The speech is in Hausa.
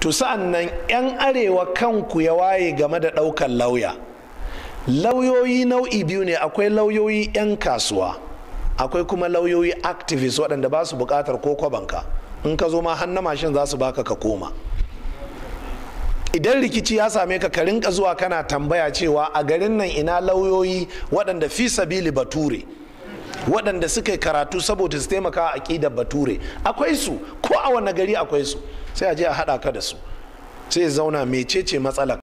to sa'an nan 'yan arewa kanku ya waye game da ɗaukar lauya lauyoyi nau'i biyu ne akwai lauyoyi 'yan kasuwa akwai kuma lauyoyi activist waɗanda ba su buƙatar ko kwabanka in ka zo ma hannu mashin za su baka ka koma idan rikici ya same ka ka rinka zuwa kana tambaya cewa a garin nan ina lauyoyi waɗanda fi sabili bature waɗanda suka yi karatu saboda su taimaka a ƙidar bature akwai su a wani gari akwai su sai a je a haɗa ka da su sai zauna mecece matsalar